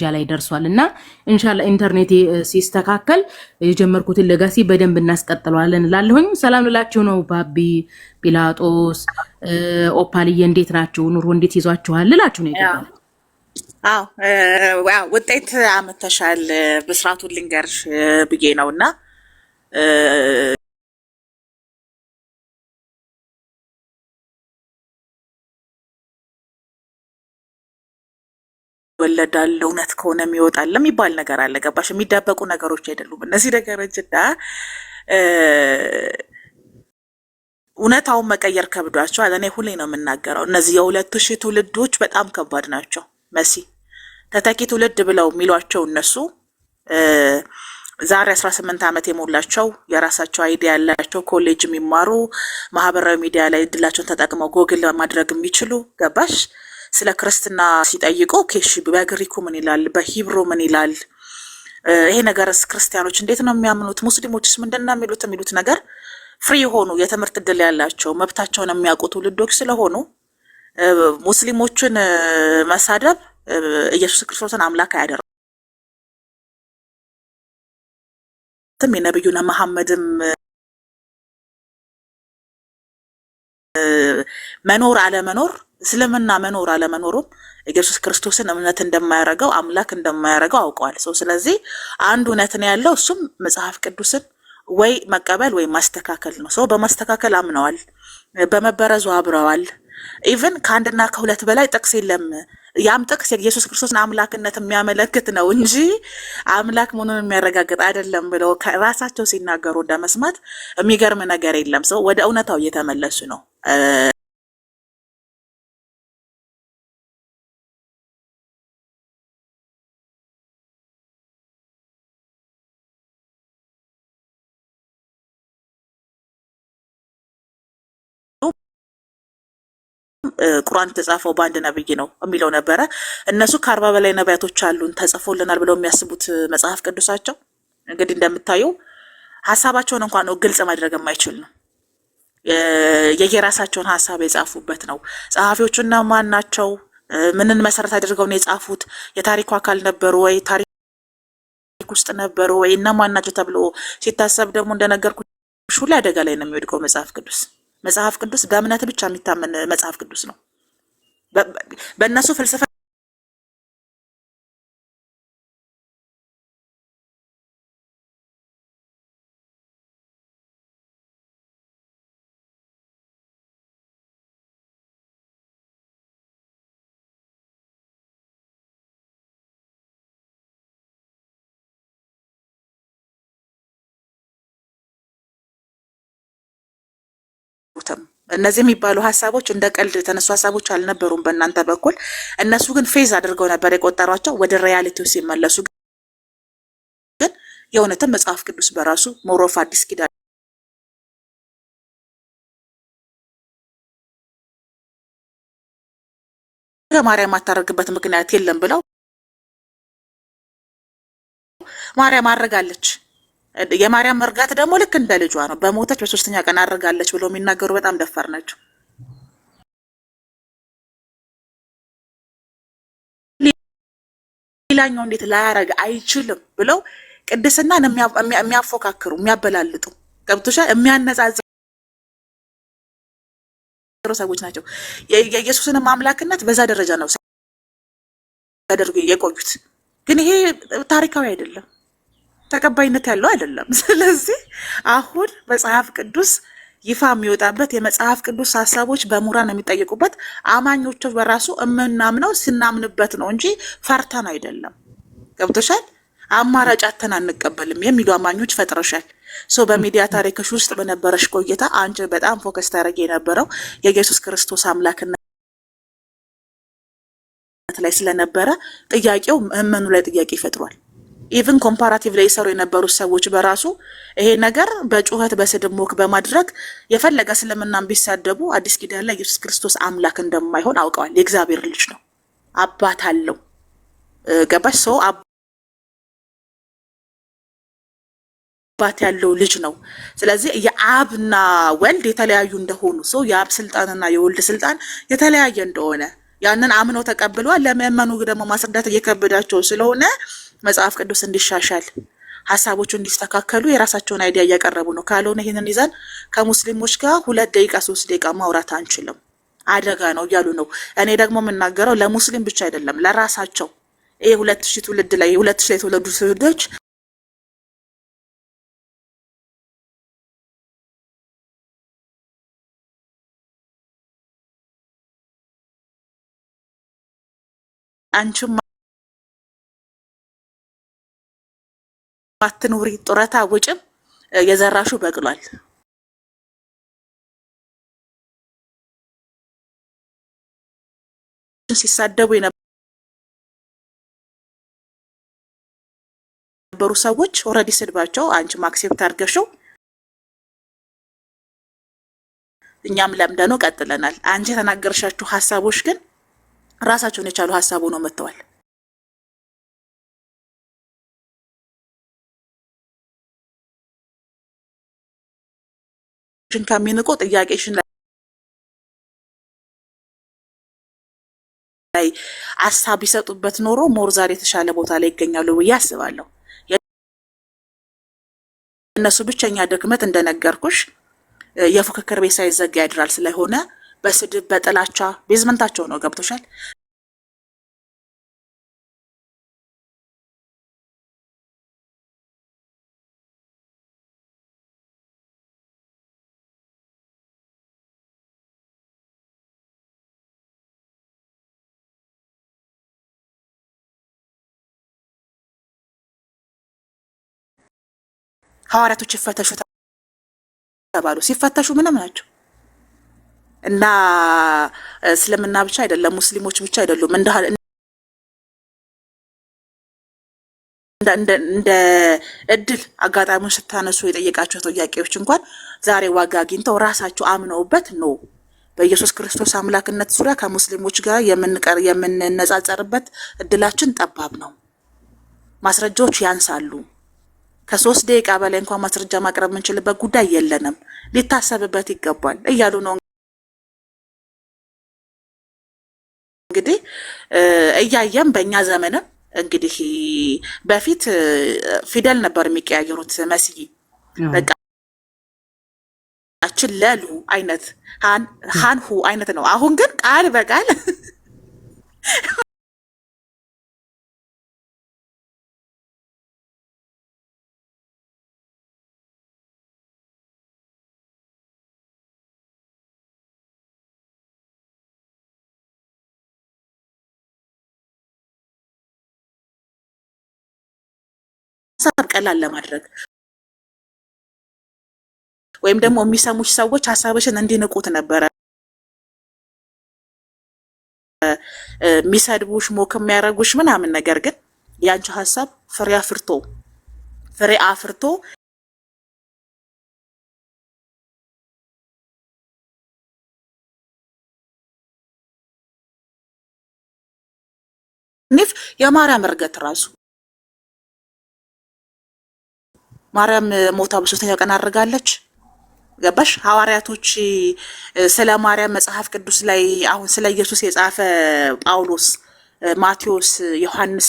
ደረጃ ላይ ደርሷል እና እንሻላ ኢንተርኔት ሲስተካከል የጀመርኩትን ለጋሲ በደንብ እናስቀጥለዋለን እላለሁኝ። ሰላም ልላችሁ ነው። ባቢ ጲላጦስ፣ ኦፓልዬ እንዴት ናችሁ? ኑሮ እንዴት ይዟችኋል? ልላችሁ ነው። አዎ ውጤት አመተሻል። ብስራቱን ልንገርሽ ብዬ ነው እና ይወለዳል፣ እውነት ከሆነ ይወጣል የሚባል ነገር አለ። ገባሽ? የሚዳበቁ ነገሮች አይደሉም እነዚህ ነገሮች እና እውነታውን መቀየር ከብዷቸዋል። እኔ ሁሌ ነው የምናገረው እነዚህ የሁለቱ ሺህ ትውልዶች በጣም ከባድ ናቸው። መሲ ተተኪ ትውልድ ብለው የሚሏቸው እነሱ ዛሬ አስራ ስምንት ዓመት የሞላቸው የራሳቸው አይዲያ ያላቸው ኮሌጅ የሚማሩ ማህበራዊ ሚዲያ ላይ እድላቸውን ተጠቅመው ጎግል ማድረግ የሚችሉ ገባሽ ስለ ክርስትና ሲጠይቁ ኬሽ በግሪኩ ምን ይላል፣ በሂብሮ ምን ይላል፣ ይሄ ነገርስ ክርስቲያኖች እንዴት ነው የሚያምኑት፣ ሙስሊሞችስ ምንድን ነው የሚሉት የሚሉት ነገር ፍሪ የሆኑ የትምህርት እድል ያላቸው መብታቸውን የሚያውቁ ትውልዶች ስለሆኑ ሙስሊሞችን መሳደብ ኢየሱስ ክርስቶስን አምላክ አያደርም። የነቢዩና መሐመድም መኖር አለመኖር እስልምና መኖር አለመኖሩም ኢየሱስ ክርስቶስን እምነት እንደማያረገው አምላክ እንደማያረገው አውቀዋል። ሰው ስለዚህ አንድ እውነት ነው ያለው እሱም መጽሐፍ ቅዱስን ወይ መቀበል ወይ ማስተካከል ነው። ሰው በማስተካከል አምነዋል፣ በመበረዙ አብረዋል። ኢቨን ከአንድና ከሁለት በላይ ጥቅስ የለም። ያም ጥቅስ የኢየሱስ ክርስቶስን አምላክነት የሚያመለክት ነው እንጂ አምላክ መሆኑን የሚያረጋግጥ አይደለም ብለው ራሳቸው ሲናገሩ እንደመስማት የሚገርም ነገር የለም። ሰው ወደ እውነታው እየተመለሱ ነው። ቁርአን የተጻፈው በአንድ ነብይ ነው የሚለው ነበረ። እነሱ ከአርባ በላይ ነቢያቶች አሉን ተጽፎልናል ብለው የሚያስቡት መጽሐፍ ቅዱሳቸው እንግዲህ እንደምታየው ሀሳባቸውን እንኳን ግልጽ ማድረግ የማይችል ነው። የየራሳቸውን ሀሳብ የጻፉበት ነው። ጸሐፊዎቹ ማን ናቸው? ምንን መሰረት አድርገው ነው የጻፉት? የታሪኩ አካል ነበሩ ወይ? ታሪክ ውስጥ ነበሩ ወይ? ማን ናቸው ተብሎ ሲታሰብ ደግሞ እንደነገርኩሽ ሁሉ አደጋ ላይ ነው የሚወድቀው መጽሐፍ ቅዱስ። መጽሐፍ ቅዱስ በእምነት ብቻ የሚታመን መጽሐፍ ቅዱስ ነው። በእነሱ ፍልስፍና እነዚህ የሚባሉ ሀሳቦች እንደ ቀልድ የተነሱ ሀሳቦች አልነበሩም በእናንተ በኩል። እነሱ ግን ፌዝ አድርገው ነበር የቆጠሯቸው። ወደ ሪያሊቲው ሲመለሱ ግን የእውነትም መጽሐፍ ቅዱስ በራሱ ሞሮፍ አዲስ ኪዳን ማርያም አታደርግበት ምክንያት የለም ብለው ማርያም አድርጋለች። የማርያም መርጋት ደግሞ ልክ እንደ ልጇ ነው። በሞተች በሶስተኛ ቀን አድርጋለች ብለው የሚናገሩ በጣም ደፋር ናቸው። ሌላኛው እንዴት ላያረግ አይችልም ብለው ቅድስናን የሚያፎካክሩ የሚያበላልጡ ገብቶሻ የሚያነጻጽ ሰዎች ናቸው። የኢየሱስንም አምላክነት በዛ ደረጃ ነው ሲያደርጉ የቆዩት። ግን ይሄ ታሪካዊ አይደለም። ተቀባይነት ያለው አይደለም። ስለዚህ አሁን መጽሐፍ ቅዱስ ይፋ የሚወጣበት የመጽሐፍ ቅዱስ ሀሳቦች በምሁራን የሚጠየቁበት አማኞቹ በራሱ እምናምነው ስናምንበት ነው እንጂ ፈርተን አይደለም። ገብቶሻል? አማራጭ አተን አንቀበልም የሚሉ አማኞች ፈጥረሻል። ሶ በሚዲያ ታሪክሽ ውስጥ በነበረሽ ቆይታ አንቺ በጣም ፎከስ ታደረግ የነበረው የኢየሱስ ክርስቶስ አምላክነት ላይ ስለነበረ ጥያቄው እመኑ ላይ ጥያቄ ይፈጥሯል። ኢቭን ኮምፓራቲቭ ላይ ይሰሩ የነበሩት ሰዎች በራሱ ይሄ ነገር በጩኸት በስድብ ሞክ በማድረግ የፈለገ እስልምናን ቢሳደቡ አዲስ ኪዳን ላይ ኢየሱስ ክርስቶስ አምላክ እንደማይሆን አውቀዋል። የእግዚአብሔር ልጅ ነው፣ አባት አለው። ገባሽ ሰው አባት ያለው ልጅ ነው። ስለዚህ የአብና ወልድ የተለያዩ እንደሆኑ ሰው የአብ ስልጣንና የወልድ ስልጣን የተለያየ እንደሆነ ያንን አምነው ተቀብሏል ለምእመኑ ደግሞ ማስረዳት እየከበዳቸው ስለሆነ መጽሐፍ ቅዱስ እንዲሻሻል ሀሳቦቹ እንዲስተካከሉ የራሳቸውን አይዲያ እያቀረቡ ነው። ካልሆነ ይህንን ይዘን ከሙስሊሞች ጋር ሁለት ደቂቃ ሶስት ደቂቃ ማውራት አንችልም፣ አደጋ ነው እያሉ ነው። እኔ ደግሞ የምናገረው ለሙስሊም ብቻ አይደለም፣ ለራሳቸው ይህ ሁለት ሺህ ትውልድ ላይ ሁለት ሺህ ላይ የተወለዱ ትውልዶች አንቺም አትኑሪ፣ ጡረታ ውጭም፣ የዘራሹ በቅሏል። ሲሳደቡ የነበሩ ሰዎች ኦልሬዲ ስድባቸው አንቺ ማክሴፕት አድርገሽው እኛም ለምደነው ቀጥለናል። አንቺ የተናገርሻችሁ ሀሳቦች ግን ራሳቸውን የቻሉ ሀሳቡ ነው መጥተዋል። ከሚንቁ ጥያቄሽን ላይ ሀሳብ ቢሰጡበት ኖሮ ሞር ዛሬ የተሻለ ቦታ ላይ ይገኛሉ ብዬ አስባለሁ። እነሱ ብቸኛ ድክመት እንደነገርኩሽ የፉክክር ቤት ሳይዘጋ ያድራል። ስለሆነ በስድብ በጥላቻ ቤዝመንታቸው ነው። ገብቶሻል? ሐዋርያቶች ይፈተሹ ተባሉ። ሲፈተሹ ምንም ናቸው እና እስልምና ብቻ አይደለም፣ ሙስሊሞች ብቻ አይደሉም። እንደ እድል አጋጣሚውን ስታነሱ የጠየቃቸው ጥያቄዎች እንኳን ዛሬ ዋጋ አግኝተው ራሳቸው አምነውበት ነው በኢየሱስ ክርስቶስ አምላክነት ዙሪያ ከሙስሊሞች ጋር የምንቀር የምንነጻጸርበት እድላችን ጠባብ ነው። ማስረጃዎች ያንሳሉ። ከሶስት ደቂቃ በላይ እንኳን ማስረጃ ማቅረብ የምንችልበት ጉዳይ የለንም፣ ሊታሰብበት ይገባል እያሉ ነው እንግዲህ እያየም በእኛ ዘመንም እንግዲህ በፊት ፊደል ነበር የሚቀያየሩት መስዬ በቃችን ለሉ አይነት ሀንሁ አይነት ነው። አሁን ግን ቃል በቃል ሀሳብ ቀላል ለማድረግ ወይም ደግሞ የሚሰሙሽ ሰዎች ሀሳብሽን እንዲንቁት ነበረ የሚሰድቡሽ፣ ሞክ የሚያደርጉሽ ምናምን። ነገር ግን ያንቺ ሀሳብ ፍሬ አፍርቶ ፍሬ አፍርቶ ኒፍ የማርያም እርገት ራሱ ማርያም ሞታ በሶስተኛው ቀን አድርጋለች። ገባሽ? ሐዋርያቶች ስለ ማርያም መጽሐፍ ቅዱስ ላይ አሁን ስለ ኢየሱስ የጻፈ ጳውሎስ፣ ማቴዎስ፣ ዮሐንስ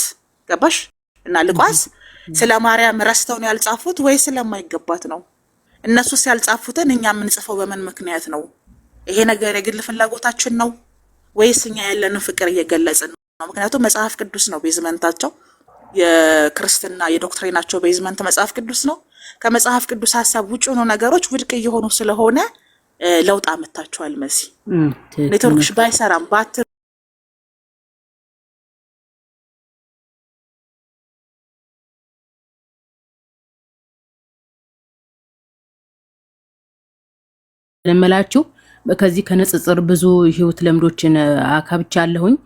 ገባሽ? እና ልቋስ ስለ ማርያም ረስተውን ያልጻፉት ወይ ስለማይገባት ነው። እነሱስ ያልጻፉትን እኛ የምንጽፈው በምን ምክንያት ነው? ይሄ ነገር የግል ፍላጎታችን ነው ወይስ እኛ ያለንን ፍቅር እየገለጽን ነው? ምክንያቱም መጽሐፍ ቅዱስ ነው ቤዝመንታቸው። የክርስትና የዶክትሪናቸው ቤዝመንት መጽሐፍ ቅዱስ ነው። ከመጽሐፍ ቅዱስ ሀሳብ ውጭ ሆኖ ነገሮች ውድቅ እየሆኑ ስለሆነ ለውጥ አመታችኋል። መሲ ኔትወርክሽ ባይሰራም በአትር ለመላችሁ ከዚህ ከንጽጽር ብዙ ህይወት ልምዶችን አካብቻለሁኝ።